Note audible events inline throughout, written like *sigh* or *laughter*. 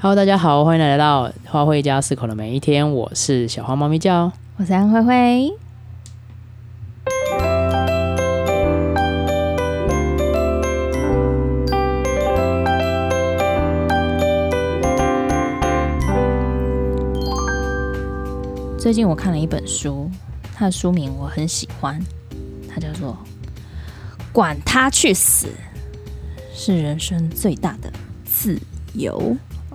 Hello，大家好，歡迎來到花花一家四口的每一天。我是小花，貓咪叫，我是安灰灰。最近我看了一本書，它的書名我很喜歡，它叫做《管他去死》，是人生最大的自由。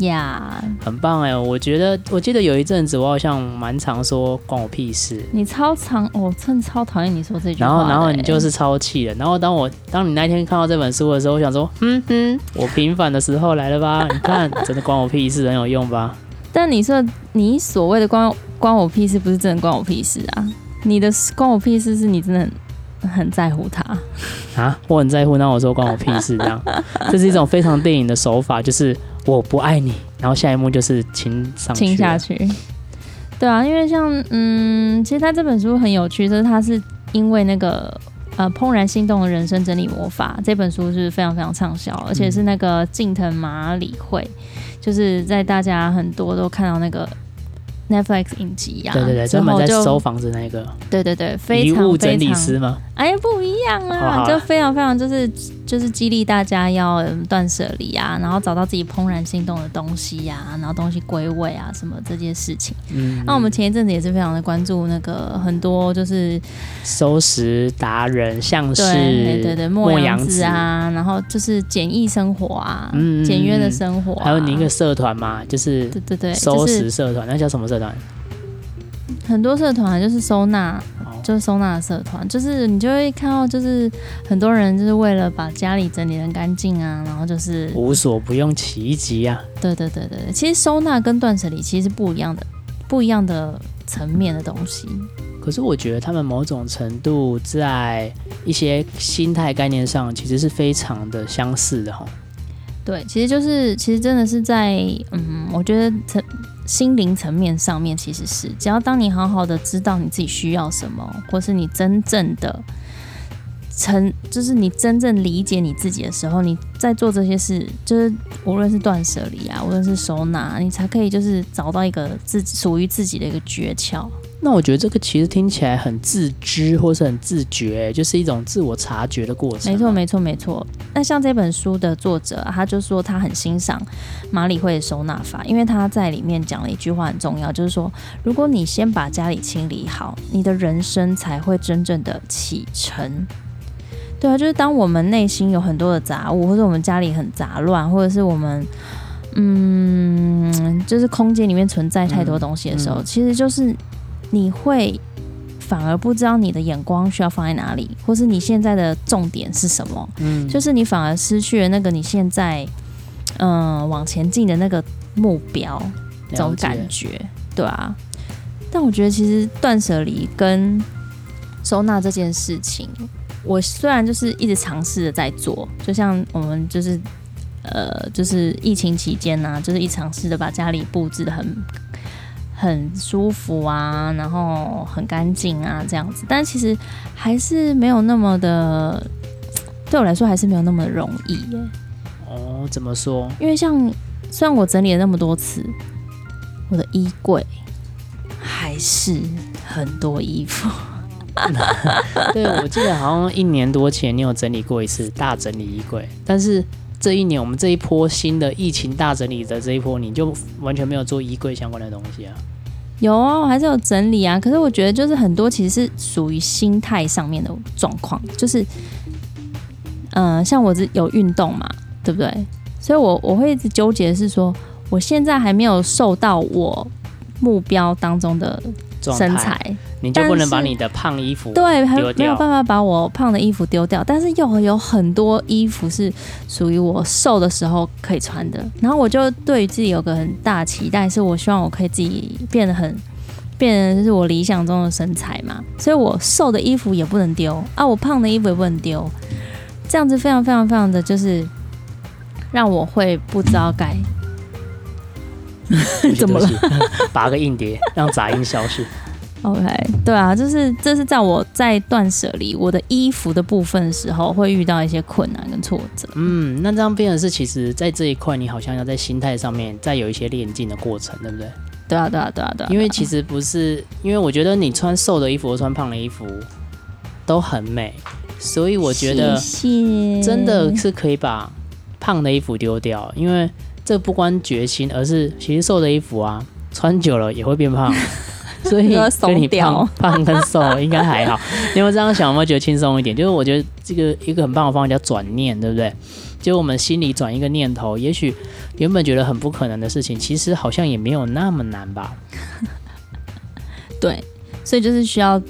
呀，Yeah. 很棒哎、欸！我覺得，我記得有一陣子，我好像蠻常說“關我屁事”。你超常哦，我真的超討厭你說這句話、欸。然後，然後你就是超氣的。然後，當我當你那天看到這本書的時候，我想說：“嗯哼，我平反的時候來了吧？你看，真的關我屁事， *laughs* 很有用吧？”但你說你所謂的關“關關我屁事”，不是真的關我屁事啊？你的“關我屁事”是你真的很很在乎他啊？我很在乎，那我說“關我屁事”這樣， *laughs* 這是一種非常電影的手法，就是。我不愛你，然後下一幕就是親上親下去。對啊，因為像嗯，其實他這本書很有趣，就是他是因為那個呃《怦然心動的人生整理魔法》這本書是非常非常暢銷，而且是那個近藤麻理惠，嗯、就是在大家很多都看到那個 Netflix 影集啊，對對對，專門在收房子那個，就對對對，非常，非常整理師嗎？哎，不一樣啊，哦、啊就非常非常就是。就是激勵大家要斷捨離啊，然後找到自己怦然心動的東西呀、啊，然後東西歸位啊，什麼這件事情。嗯，嗯，那我們前一陣子也是非常的關注那個很多就是收拾達人，像是對對對莫陽子啊，子然後就是簡易生活啊，嗯嗯嗯簡約的生活、啊。還有您一個社團嗎？就是對對對、就是、收拾社團，那叫什麼社團？很多社團就是收納。哦就是收納社團，就是你就會看到，就是很多人就是為了把家裡整理的乾淨啊，然後就是無所不用其極啊。對對對對，其實收納跟斷捨離其實是不一樣的，不一樣的層面的東西。可是我覺得他們某種程度在一些心態概念上，其實是非常的相似的哈。對，其實就是，其實真的是在，嗯，我覺得心靈層面上面其實是，只要當你好好的知道你自己需要什麼，或是你真正的成，就是你真正理解你自己的時候，你在做這些事，就是無論是斷捨離啊，無論是收納，你才可以就是找到一個自己屬於自己的一個訣竅。那我覺得這個其實聽起來很自知，或是很自覺、欸，就是一種自我察覺的過程。沒錯，沒錯，沒錯。那像這本書的作者，他就說他很欣賞馬里會的收納法，因為他在裡面講了一句話很重要，就是說，如果你先把家裡清理好，你的人生才會真正的啟程。對啊，就是當我們內心有很多的雜物，或者我們家裡很雜亂，或者是我們嗯，就是空間裡面存在太多東西的時候，嗯嗯、其實就是。你會反而不知道你的眼光需要放在哪裡，或是你現在的重點是什麼？嗯，就是你反而失去了那個你現在嗯、呃、往前進的那個目標，這種感覺，了解。對啊。但我覺得其實斷舍離跟收納這件事情，我雖然就是一直嘗試着在做，就像我們就是呃，就是疫情期間呢、啊，就是一嘗試着把家裡布置得很。很舒服啊，然後很乾淨啊，這樣子。但其實還是沒有那麼的，對我來說還是沒有那麼容易耶、欸。哦，怎麼說？因為像雖然我整理了那麼多次，我的衣櫃還是很多衣服。 *laughs* *laughs* 對，我記得好像一年多前你有整理過一次大整理衣櫃，但是。這一年，我們這一波新的疫情大整理的這一波，你就完全沒有做衣櫃相關的東西啊？有啊、哦，我還是有整理啊。可是我覺得，就是很多其實是屬於心態上面的狀況，就是，嗯、呃，像我是有運動嘛，對不對？所以我我會一直糾結的是說，我現在還沒有瘦到我目標當中的身材。你就不能把你的胖衣服丟掉。對，還沒有辦法把我胖的衣服丟掉，但是又有很多衣服是屬於我瘦的時候可以穿的。然後我就對於自己有個很大期待，是我希望我可以自己變得很，變成是我理想中的身材嘛。所以，我瘦的衣服也不能丟啊，我胖的衣服也不能丟，這樣子非常非常非常的就是讓我會不知道該、嗯、 *laughs* 怎麼了 *laughs* 拔個硬碟，讓雜音消失。OK，對啊，就是這是在我在斷捨離我的衣服的部分的時候，會遇到一些困難跟挫折。嗯，那這樣變的是其實，在這一塊，你好像要在心態上面再有一些練進的過程，對不對，對、啊？對啊，對啊，對啊，對啊。因為其實不是，因為我覺得你穿瘦的衣服，和穿胖的衣服都很美，所以我覺得真的是可以把胖的衣服丟掉，謝謝，因為這不關決心，而是其實瘦的衣服啊，穿久了也會變胖。 *laughs* 所以跟你胖胖跟瘦應該還好，你有沒有這樣想？有沒有覺得輕鬆一點？就是我覺得這個一個很棒的方法叫轉念，對不對？就我們心裡轉一個念頭，也許原本覺得很不可能的事情，其實好像也沒有那麼難吧。 *laughs* 對，所以就是需要。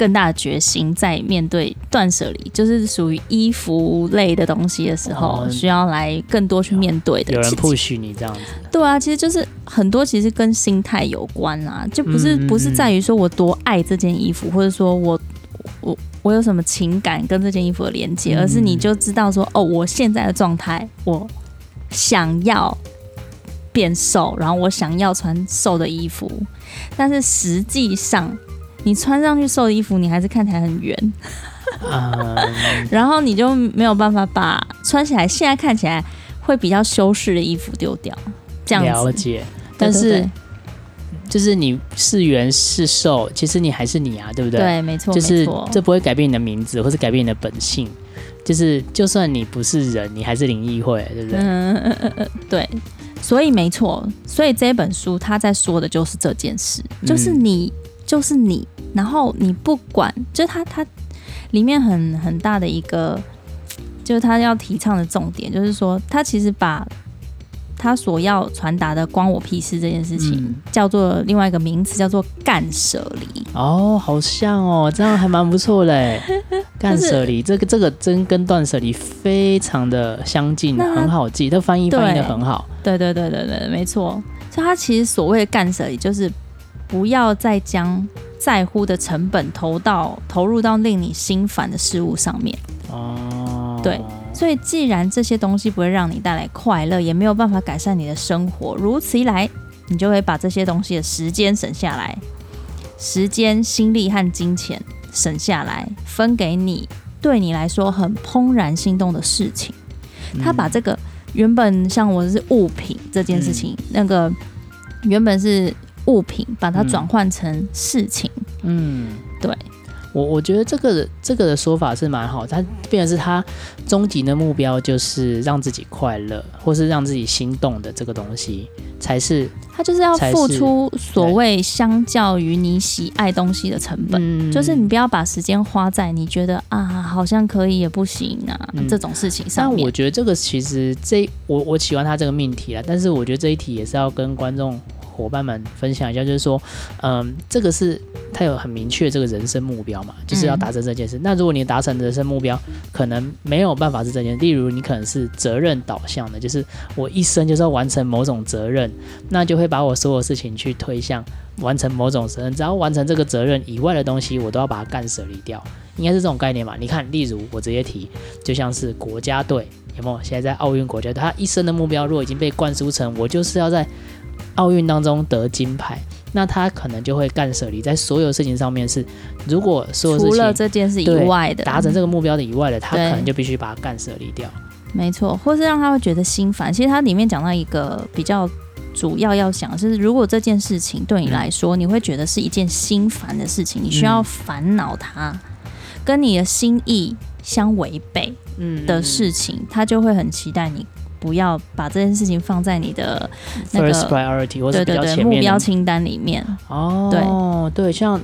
更大的決心，在面對斷捨離，就是屬於衣服類的東西的時候，oh, 需要來更多去面對的。Oh, 有人不許你這樣子？對啊，其實就是很多其實跟心態有關啊，就不是、mm hmm. 不是在於說我多愛這件衣服，或者說我我我有什麼情感跟這件衣服的連接，而是你就知道說哦，我現在的狀態，我想要變瘦，然後我想要穿瘦的衣服，但是實際上。你穿上去瘦的衣服，你還是看起來很圓， *laughs* 嗯、然後你就沒有辦法把穿起來現在看起來會比較修飾的衣服丟掉。這樣子了解，但是對對對就是你是圓是瘦，其實你還是你啊，對不對？對，沒錯，就是錯這不會改變你的名字，或者改變你的本性。就是就算你不是人，你還是靈異會，對不對？嗯，對。所以沒錯，所以這本書他在說的就是這件事，嗯、就是你。就是你，然後你不管，就是他他裡面很很大的一個，就是他要提倡的重點，就是說他其實把他所要傳達的“關我屁事”這件事情，嗯、叫做另外一個名詞，叫做“干舍離”。哦，好像哦，這樣還蠻不錯的，“干舍離”這個這個真跟斷舍離非常的相近，那很好記。這翻譯翻譯得很好。對對,對對對對對，沒錯。所以他其實所謂的“干舍離”就是。不要再將在乎的成本投到投入到令你心煩的事物上面。哦、啊，對，所以既然這些東西不會讓你帶來快樂，也沒有辦法改善你的生活，如此一來，你就會把這些東西的時間省下來，時間、心力和金錢省下來，分給你對你來說很怦然心動的事情。他把這個原本像我是物品這件事情，嗯、那個原本是。物品把它轉換成事情，嗯，對我我覺得這個這個的說法是蠻好的，它變成是它終極的目標就是讓自己快樂，或是讓自己心動的這個東西才是。他就是要付出所謂相較於你喜愛東西的成本，嗯、就是你不要把時間花在你覺得啊好像可以也不行啊、嗯、這種事情上。我覺得這個其實這我我喜歡他這個命題啊，但是我覺得這一題也是要跟觀眾。夥伴們分享一下，就是說，嗯，這個是他有很明確這個人生目標嘛，就是要達成這件事。嗯、那如果你達成人生目標，可能沒有辦法是這件。例如，你可能是責任導向的，就是我一生就是要完成某種責任，那就會把我所有事情去推向完成某種責任。只要完成這個責任以外的東西，我都要把它幹捨離掉，應該是這種概念嘛？你看，例如我直接提，就像是國家隊，有沒有？現在在奧運國家隊，他一生的目標如果已經被灌輸成，我就是要在。奧運當中得金牌，那他可能就會幹捨離在所有事情上面是，如果說除了這件事以外的達對成這個目標的以外的，對他可能就必須把它幹捨離掉。沒錯，或是讓他會覺得心煩。其實他裡面講到一個比較主要要想是，如果這件事情對你來說，嗯、你會覺得是一件心煩的事情，你需要煩惱他跟你的心意相違背的事情，他、嗯、就會很期待你，不要把這件事情放在你的那個 First priority, 對對，對目標清單裡面哦。對對，像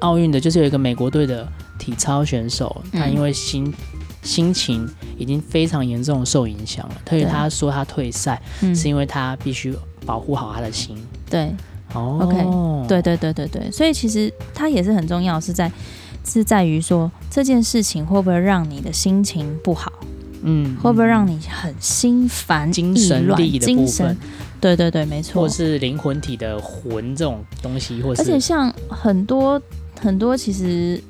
奧運的，就是有一個美國隊的體操選手，嗯、他因為心心情已經非常嚴重受影響了，所以對他說他退賽，嗯、是因為他必須保護好他的心。對、哦、OK，對對對對對，所以其實他也是很重要是，是在是在於說這件事情會不會讓你的心情不好。嗯，會不會讓你很心煩？精神力的部分，精神對對對，沒錯。或是靈魂體的魂這種東西，或是而且像很多很多，其實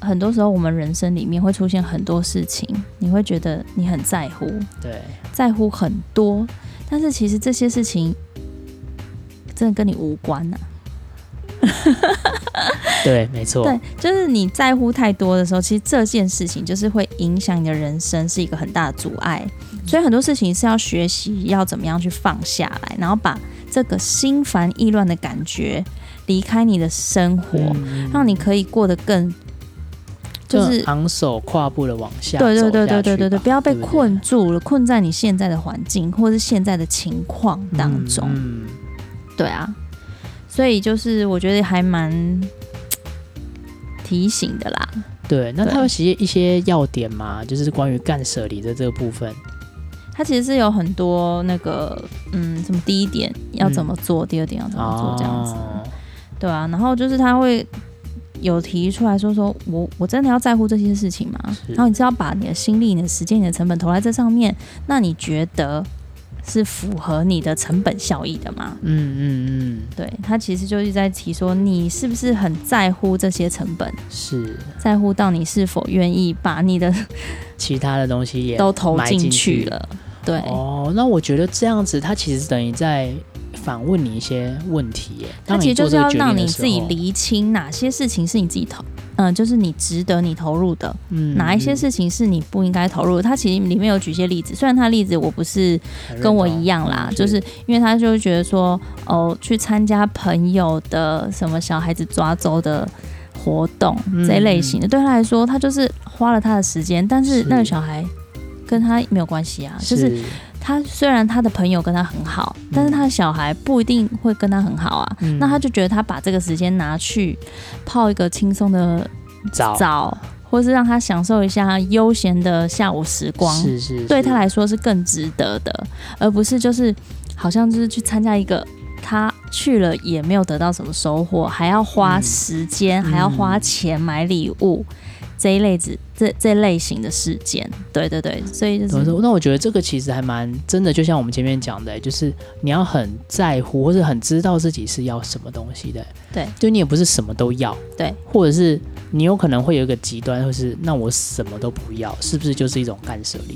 很多時候我們人生裡面會出現很多事情，你會覺得你很在乎，對，在乎很多，但是其實這些事情真的跟你無關呢、啊。 *laughs* 對，沒錯。對，就是你在乎太多的時候，其實這件事情就是會影響你的人生，是一個很大的阻礙。嗯、所以很多事情是要學習，要怎麼樣去放下來，然後把這個心煩意亂的感覺離開你的生活，嗯、讓你可以過得更，就是昂首跨步的往下，下。對對對對對對對，不要被困住了，對對對，困在你現在的環境或者現在的情況當中。嗯嗯對啊。所以就是我覺得還蠻提醒的啦。對，那他會寫一些要點嘛，就是關於幹捨離的這個部分，他其實是有很多那個，嗯，什麼第一點要怎麼做，嗯、第二點要怎麼做這樣子，哦、對啊。然後就是他會有提出來說，說我我真的要在乎這些事情嘛？是然後你只要把你的心力、你的時間、你的成本投在這上面，那你覺得？是符合你的成本效益的嗎？嗯嗯嗯，嗯嗯對，他其實就是在提說，你是不是很在乎這些成本？是在乎到你是否願意把你的其他的東西也都投進去了？去對，哦，那我覺得這樣子，他其實等於在。反問你一些問題，他其實就是要讓你自己釐清哪些事情是你自己投，嗯，就是你值得你投入的，嗯，哪一些事情是你不應該投入的。他其實裡面有舉些例子，雖然他的例子我不是跟我一樣啦，嗯、是就是因為他就覺得說，哦，去參加朋友的什麼小孩子抓周的活動、嗯、這一類型的，對他來說，他就是花了他的時間，但是那個小孩跟他沒有關係啊，是就是。他雖然他的朋友跟他很好，但是他的小孩不一定會跟他很好啊。嗯、那他就覺得他把這個時間拿去泡一個輕鬆的澡，澡或是讓他享受一下悠閒的下午時光，是，是是，對他來說是更值得的，而不是就是好像就是去參加一個他去了也沒有得到什麼收穫，還要花時間，嗯、還要花錢買禮物。這一類子，這這類型的事件，對對對，所以就是。嗯、那我覺得這個其實還蠻真的，就像我們前面講的，就是你要很在乎，或是很知道自己是要什麼東西的。對，就你也不是什麼都要。對，或者是你有可能會有一個極端，或者是那我什麼都不要，是不是就是一種幹捨離，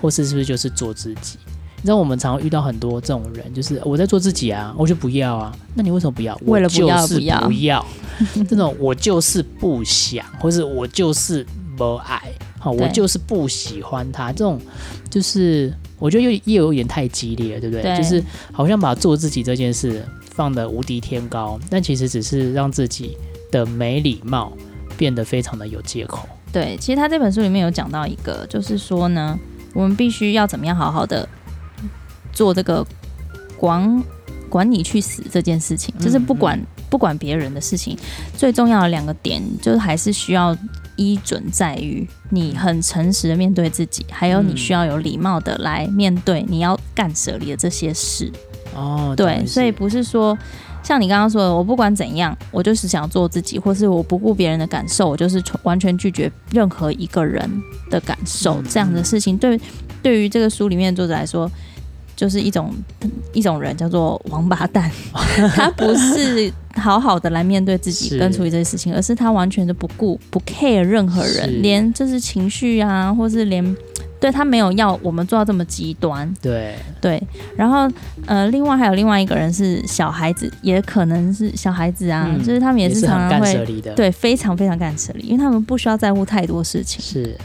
或是是不是就是做自己？你知道我們常常遇到很多這種人，就是我在做自己啊，我就不要啊。那你為什麼不要？為了不要不要，這種我就是不想，或者我就是不愛，好對、哦、我就是不喜歡他。這種就是我覺得又又有點太激烈了，對不對？對，就是好像把做自己這件事放得無敵天高，但其實只是讓自己的沒禮貌變得非常的有借口。對，其實他這本書裡面有講到一個，就是說呢，我們必須要怎麼樣好好的。做這個管管你去死這件事情，嗯嗯、就是不管不管別人的事情。最重要的兩個點，就是還是需要依準在於你很誠實的面對自己，還有你需要有禮貌的來面對你要干舍離的這些事。哦、嗯，對，嗯、所以不是說像你剛剛說的，我不管怎樣，我就是想做自己，或是我不顧別人的感受，我就是完全拒絕任何一個人的感受、嗯、這樣的事情。對，對於這個書裡面作者來說。就是一種一種人叫做王八蛋， *laughs* 他不是好好的來面對自己跟處理這些事情，是而是他完全都不顧不 care 任何人，是連就是情緒啊，或是連對他沒有要我們做到這麼極端。對對，然後呃，另外還有另外一個人是小孩子，也可能是小孩子啊，嗯、就是他們也是常常會，對，非常非常幹捨離，因為他們不需要在乎太多事情。是。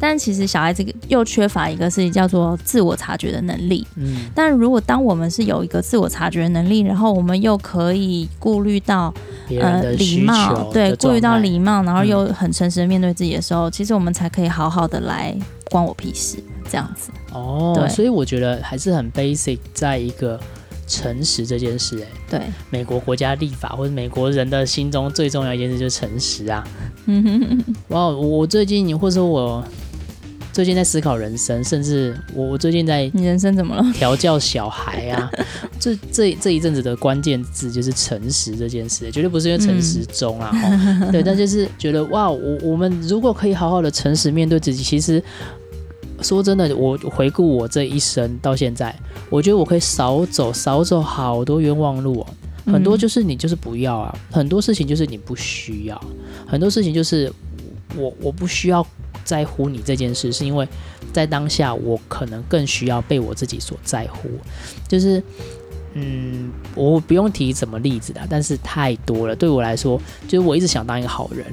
但其實小孩子又缺乏一個事情叫做自我察覺的能力。嗯，但如果當我們是有一個自我察覺的能力，然後我們又可以顧慮到別人的呃禮貌，對，顧慮到禮貌，然後又很誠實的面對自己的時候，嗯、其實我們才可以好好的來關我屁事這樣子。哦，對所以我覺得還是很 basic，在一個誠實這件事，欸。哎，對，美國國家立法或者美國人的心中最重要一件事就是誠實啊。嗯哼，哇，wow, 我最近或者說我。最近在思考人生，甚至我我最近在、啊、你人生怎麼了？調教小孩啊，這這這一陣子的關鍵字就是誠實這件事，絕對不是因為誠實中啊，嗯、 *laughs* 對，但就是覺得哇，我我們如果可以好好的誠實面對自己，其實說真的，我回顧我這一生到現在，我覺得我可以少走少走好多冤枉路、哦、很多就是你就是不要啊，嗯、很多事情就是你不需要，很多事情就是。我我不需要在乎你這件事，是因為在當下我可能更需要被我自己所在乎。就是，嗯，我不用提什麼例子的，但是太多了。對我來說，就是我一直想當一個好人，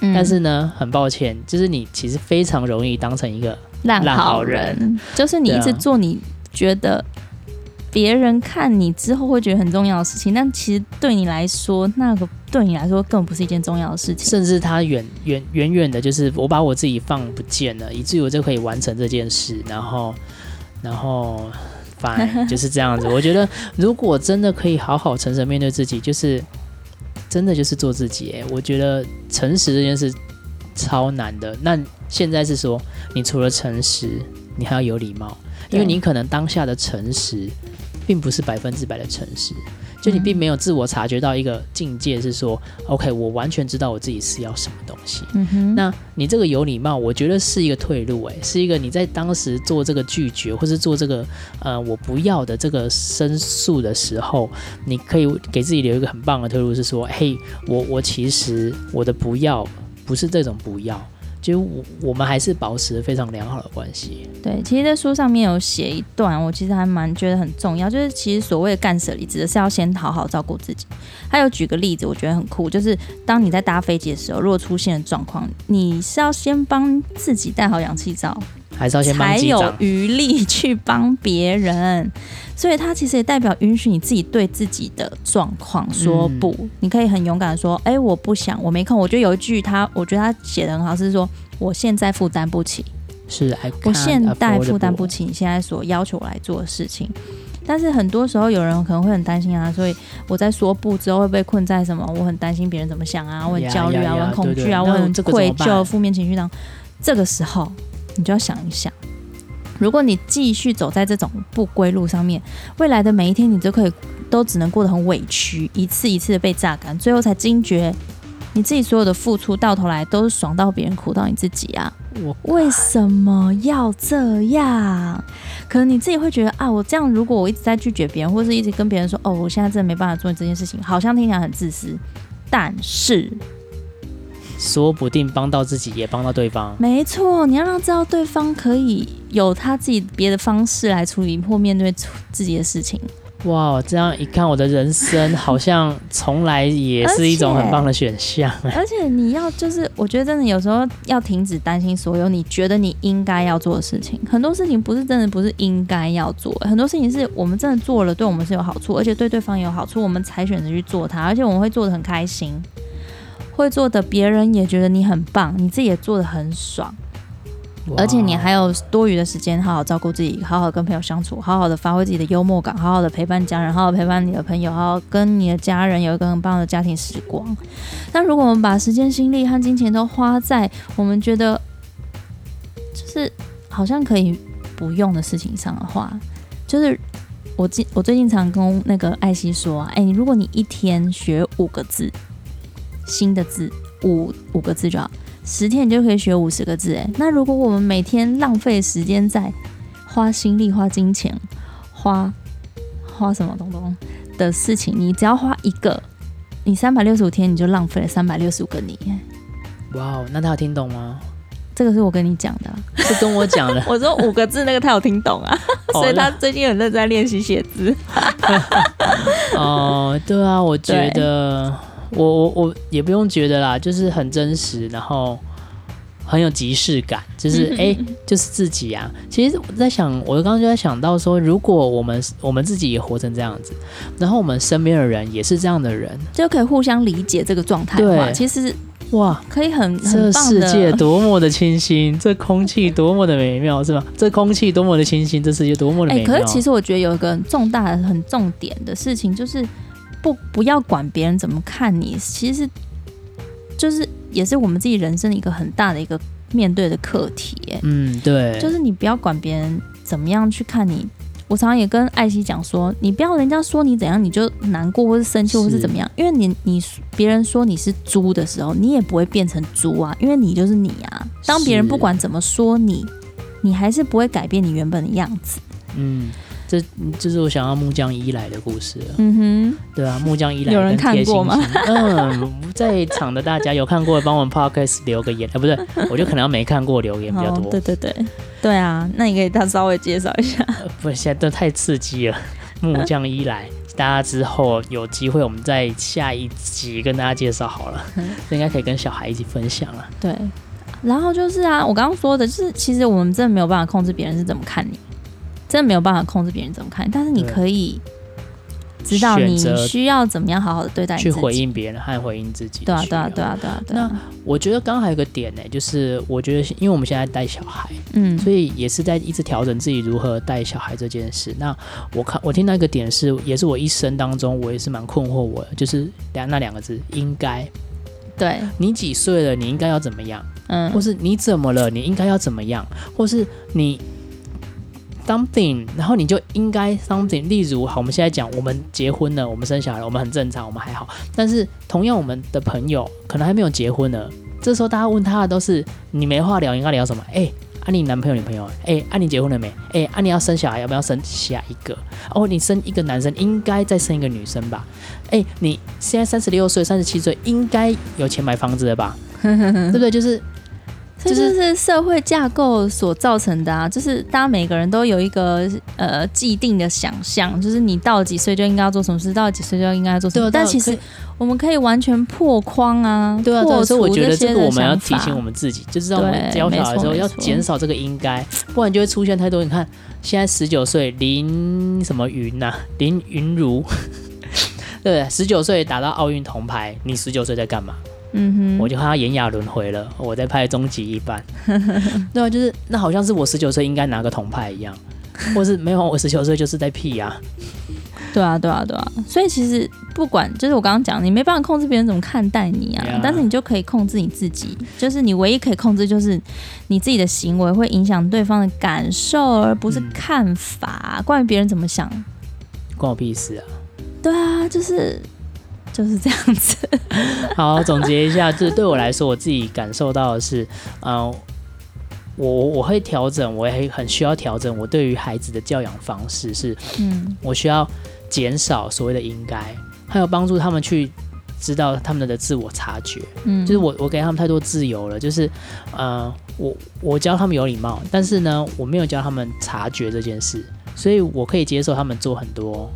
嗯、但是呢，很抱歉，就是你其實非常容易當成一個爛好人，好人就是你一直做你覺得、啊。別人看你之後會覺得很重要的事情，但其實對你來說，那個對你來說根本不是一件重要的事情。甚至他遠遠遠遠的，就是我把我自己放不見了，以至於我就可以完成這件事。然後，然後反就是這樣子。 *laughs* 我覺得如果真的可以好好誠實面對自己，就是真的就是做自己。欸，我覺得誠實這件事超難的。那現在是說，你除了誠實，你還要有禮貌，因為你可能當下的誠實。並不是百分之百的誠實，就你並沒有自我察覺到一個境界，是說，嗯，OK，我完全知道我自己是要什麼東西。嗯哼，那你這個有禮貌，我覺得是一個退路欸，誒，是一個你在當時做這個拒絕，或是做這個呃我不要的這個申訴的時候，你可以給自己留一個很棒的退路，是說，嘿，我我其實我的不要不是這種不要。其實我我們還是保持非常良好的關係。對，其實，在書上面有寫一段，我其實還蠻覺得很重要，就是其實所謂的干舍離指的是要先好好照顧自己。還有舉個例子，我覺得很酷，就是當你在搭飛機的時候，如果出現了狀況，你是要先幫自己戴好氧氣罩。才有餘力去幫別人，嗯、所以他其實也代表允許你自己對自己的狀況說不。你可以很勇敢的說：“哎、欸，我不想，我沒空。”我覺得有一句他，我覺得他寫得很好，是說：“我現在負擔不起。”是，我現在負擔不起你現在所要求我來做的事情。但是很多時候，有人可能會很擔心啊，所以我在說不之後會被困在什麼？我很擔心別人怎麼想啊，我很焦慮啊，yeah, yeah, yeah, 我很恐懼啊，yeah, yeah, 我很、啊、愧疚，負面情緒當這，這個時候。你就要想一想，如果你繼續走在這種不歸路上面，未來的每一天你都可以都只能過得很委屈，一次一次的被榨乾，最後才驚覺你自己所有的付出到頭來都是爽到別人，苦到你自己啊！我怕為什麼要這樣？可能你自己會覺得啊，我這樣如果我一直在拒絕別人，或者是一直跟別人說哦，我現在真的沒辦法做這件事情，好像聽起來很自私，但是。說不定幫到自己，也幫到對方。沒錯，你要讓知道對方可以有他自己別的方式來處理或面對自己的事情。哇，這樣一看，我的人生 *laughs* 好像從來也是一種很棒的選項。而且你要就是，我覺得真的有時候要停止擔心所有你覺得你應該要做的事情。很多事情不是真的不是應該要做，很多事情是我們真的做了，對我們是有好處，而且對對方也有好處，我們才選擇去做它，而且我們會做得很開心。會做的，別人也覺得你很棒，你自己也做得很爽，Wow. 而且你還有多餘的時間，好好照顧自己，好好跟朋友相處，好好的發揮自己的幽默感，好好的陪伴家人，好好陪伴你的朋友，好好跟你的家人有一個很棒的家庭時光。那如果我們把時間、心力和金錢都花在我們覺得就是好像可以不用的事情上的話，就是我近我最近常跟那個艾希說、啊，哎、欸，如果你一天學五個字。新的字五五個字就好，十天你就可以學五十個字，哎、欸。那如果我們每天浪費時間在花心力、花金錢、花花什麼東東的事情，你只要花一個，你三百六十五天你就浪費了三百六十五個你哇、欸、哇，那他有聽懂嗎？這個是我跟你講的，是跟我講的。我說五個字那個他有聽懂啊， *laughs* 所以他最近很認真在練習寫字。 *laughs* *laughs* 哦，對啊，我覺得。我我我也不用覺得啦，就是很真實，然後很有即視感，就是哎、欸，就是自己啊。其實我在想，我剛剛就在想到說，如果我們我們自己也活成這樣子，然後我們身邊的人也是這樣的人，就可以互相理解這個狀態，對，其實哇，可以很，很，這世界多麼的清新，這空氣多麼的美妙，是吧？這空氣多麼的清新，這世界多麼的美妙、欸、可是其實我覺得有一個重大的很重點的事情就是。不，不要管別人怎麼看你，其實就是也是我們自己人生的一個很大的一個面對的課題，欸。嗯，對，就是你不要管別人怎麼樣去看你。我常常也跟艾希講說，你不要人家說你怎樣你就難過或是生氣或是怎麼樣，是因為你你別人說你是豬的時候，你也不會變成豬啊，因為你就是你啊。當別人不管怎麼說你，是你還是不會改變你原本的樣子。嗯。這這就是我想要木匠伊萊的故事。嗯哼，對啊，木匠伊萊有人看過嗎？ *laughs* 嗯，在場的大家有看過的，幫我們 podcast 留個言啊，不是，我就可能要沒看過留言比較多。哦、對對對對啊，那你可以他稍微介紹一下。不，現在都太刺激了。木匠伊萊， *laughs* 大家之後有機會，我們在下一集跟大家介紹好了，嗯、應該可以跟小孩一起分享了、啊。對，然後就是啊，我剛剛說的就是，其實我們真的沒有辦法控制別人是怎麼看你。真的沒有辦法控制別人怎麼看，但是你可以知道你需要怎麼樣好好的對待自己。對，去回應別人和回應自己對啊。對啊，對啊，對啊，對啊。那我覺得剛剛還有個點呢、欸，就是我覺得因為我們現在帶小孩，嗯，所以也是在一直調整自己如何帶小孩這件事。那我看我聽到一個點是，也是我一生當中我也是蠻困惑我的，我就是那那兩個字應該。對，你幾歲了？你應該要怎麼樣？嗯，或是你怎麼了？你應該要怎麼樣？或是你。something，然後你就應該 something。例如，好，我們現在講，我們結婚了，我們生小孩了，我們很正常，我們還好。但是同樣，我們的朋友可能還沒有結婚呢。這時候大家問他的都是，你沒話聊，應該聊什麼？哎，啊你男朋友女朋友？哎，啊你結婚了沒？哎，啊你要生小孩，要不要生下一個？哦，你生一個男生，應該再生一個女生吧？哎，你現在三十六歲、三十七歲，應該有錢買房子了吧？ *laughs* 對不對？就是。就是是社會架構所造成的啊，就是大家每個人都有一個呃既定的想象就是你到幾歲就應該要做什麼事，到幾歲就應該要做什麼。啊、但其實以我們可以完全破框，啊對啊。所以我覺得這個我們要提醒我們自己，對就是我們教法的時候錯要減少這個應該，不然就會出現太多。你看現在十九歲林什麼云吶、啊，林昀儒， *laughs* 對、啊，十九歲打到奧運銅牌，你十九歲在幹嘛？嗯哼，我就和他《炎亞綸回》了，我在拍終極一班， *laughs* 對啊，就是那好像是我十九歲應該拿個銅牌一樣， *laughs* 或是沒有，我十九歲就是在屁呀，啊，對啊，對啊，對啊，所以其實不管就是我剛剛講，你沒辦法控制別人怎麼看待你啊，Yeah. 但是你就可以控制你自己，就是你唯一可以控制就是你自己的行為會影響對方的感受，而不是看法，啊，嗯、關於別人怎麼想，關我屁事啊，對啊，就是。就是這樣子。好，總結一下，就是對我來說，我自己感受到的是，嗯、呃，我我會調整，我也很需要調整我對於孩子的教養方式是，嗯，我需要減少所謂的應該，還有幫助他們去知道他們的自我察覺。嗯，就是我我給他們太多自由了，就是，嗯、呃，我我教他們有禮貌，但是呢，我沒有教他們察覺這件事，所以我可以接受他們做很多。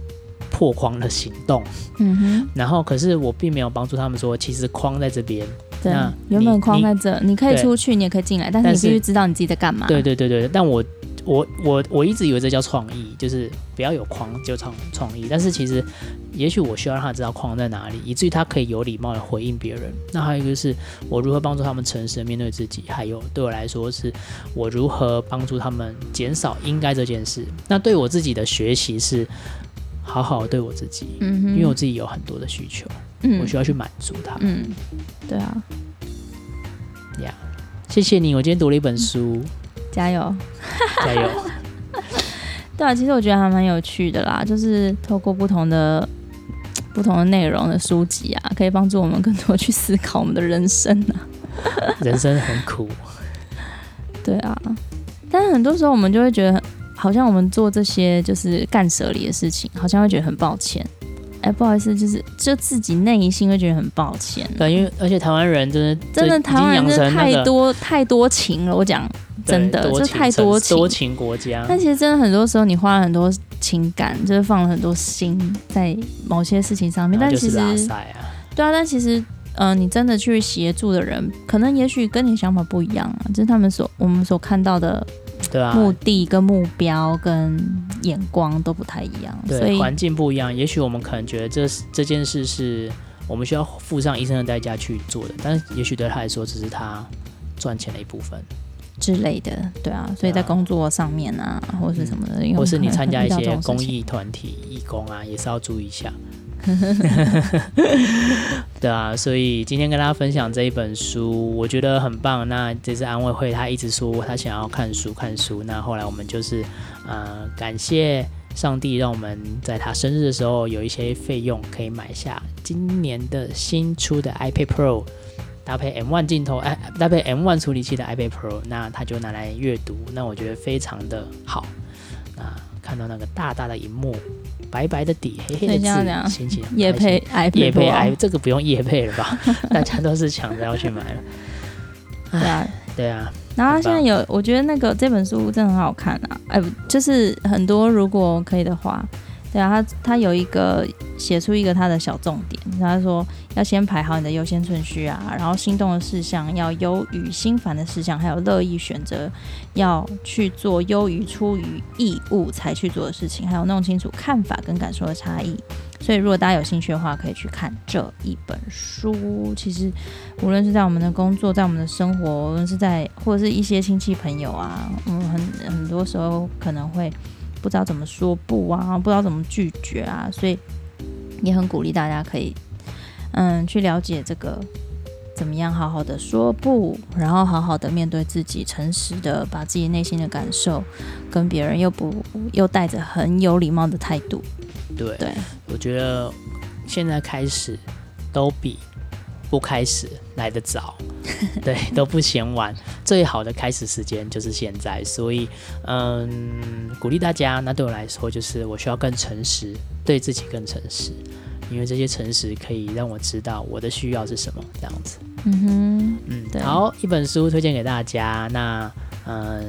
破框的行動，嗯哼，然後可是我並沒有幫助他們說，其實框在這邊，對你原本框在這，你，你，你可以出去，對你也可以進來，但是，但是你必須知道你自己在幹嘛？對對對對，但我我我我一直以為這叫創意，就是不要有框就創創意，但是其實，也許我需要讓他知道框在哪裡，以至於他可以有禮貌的回應別人。那還有一個就是，我如何幫助他們誠實的面對自己，還有對我來說是，我如何幫助他們減少應該這件事。那對我自己的學習是。好好對我自己，嗯、哼因為我自己有很多的需求，嗯、我需要去滿足他。嗯，對啊，呀，yeah. 謝謝你，我今天讀了一本書，加油，加油。 *laughs* 對啊，其實我覺得還蠻有趣的啦，就是透過不同的、不同的內容的書籍啊，可以幫助我們更多去思考我們的人生啊。人生很苦， *laughs* 對啊，但是很多時候我們就會覺得。好像我們做這些就是幹捨離的事情，好像會覺得很抱歉。哎、欸，不好意思，就是就自己內心會覺得很抱歉。對，因為而且台灣人、就是、真的真的台灣人真太多太多情了，我講對真的情就是太多情多情國家。但其實真的很多時候，你花了很多情感，就是放了很多心在某些事情上面。啊、但其實對啊，但其實嗯、呃，你真的去協助的人，可能也許跟你想法不一樣、啊，就是他們所我們所看到的。對啊，目的跟目標跟眼光都不太一樣，對所以環境不一樣。也許我們可能覺得這這件事是我們需要付上一生的代價去做的，但是也許對他來說，只是他賺錢的一部分之類的。對啊，對啊，所以在工作上面啊，啊或者是什麼的，或是你參加一些公益團體、義工啊，也是要注意一下。 *laughs* *laughs* 對啊，所以今天跟大家分享這一本書，我覺得很棒。那這次安慰會，他一直說他想要看書看書。那後來我們就是，呃，感謝上帝，讓我們在他生日的時候有一些費用可以買下今年的新出的 iPad Pro，搭配 M1 鏡頭，哎，搭配 M1 處理器的 iPad Pro，那他就拿來閱讀，那我覺得非常的好，那、呃。看到那個大大的熒幕白白的底，黑黑的字，心情業配業配業配，業配哦、這個不用業配了吧？ *laughs* 大家都是搶着要去買了，對啊 *laughs* 對啊。然後現在有，棒我覺得那個這本書真的很好看啊！哎、欸，就是很多如果可以的話，對啊，它它有一個。寫出一個他的小重點。他說要先排好你的優先順序啊，然後心動的事項要優於心煩的事項，還有樂意選擇要去做優於出於義務才去做的事情，還有弄清楚看法跟感受的差異。所以，如果大家有興趣的話，可以去看這一本書。其實，無論是在我們的工作，在我們的生活，無論是在或者是一些親戚朋友啊，嗯，很很多時候可能會不知道怎麼說不啊，不知道怎麼拒絕啊，所以。也很鼓勵大家可以，嗯，去了解這個怎麼樣好好的說不，然後好好的面對自己，誠實的把自己內心的感受跟別人又不又帶着很有禮貌的態度。對，對我覺得現在開始都比不開始來得早。 *laughs* 對，都不嫌晚。最好的開始時間就是現在，所以，嗯，鼓勵大家。那對我來說，就是我需要更誠實，對自己更誠實，因為這些誠實可以讓我知道我的需要是什麼。這樣子，嗯哼，嗯。對好，一本書推薦給大家。那，嗯，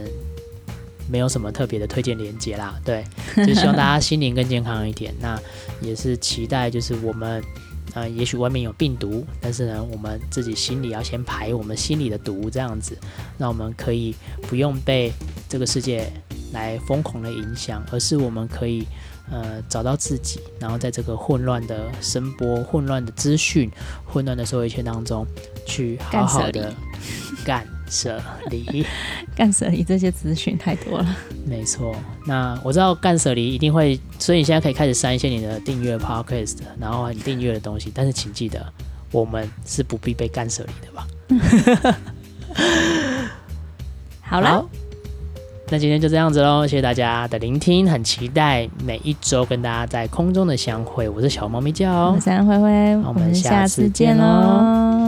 沒有什麼特別的推薦連結啦。對，就希望大家心靈更健康一點。 *laughs* 那也是期待，就是我們。啊、呃，也許外面有病毒，但是呢，我們自己心裡要先排我們心裡的毒，這樣子，那我們可以不用被這個世界來瘋狂的影響，而是我們可以呃找到自己，然後在這個混亂的聲波、混亂的資訊、混亂的社會圈當中，去好好的幹。捨離幹捨離，這些資訊太多了，沒錯。那我知道幹捨離一定會，所以你現在可以開始刪一些你的訂閱 podcast，、嗯、然後你訂閱的東西。但是請記得，我們是不必被幹捨離的吧？ *laughs* 好了啦，那今天就這樣子嘍，謝謝大家的聆聽，很期待每一周跟大家在空中的相會。我是小貓咪叫、哦，我是灰灰，我們下次見嘍。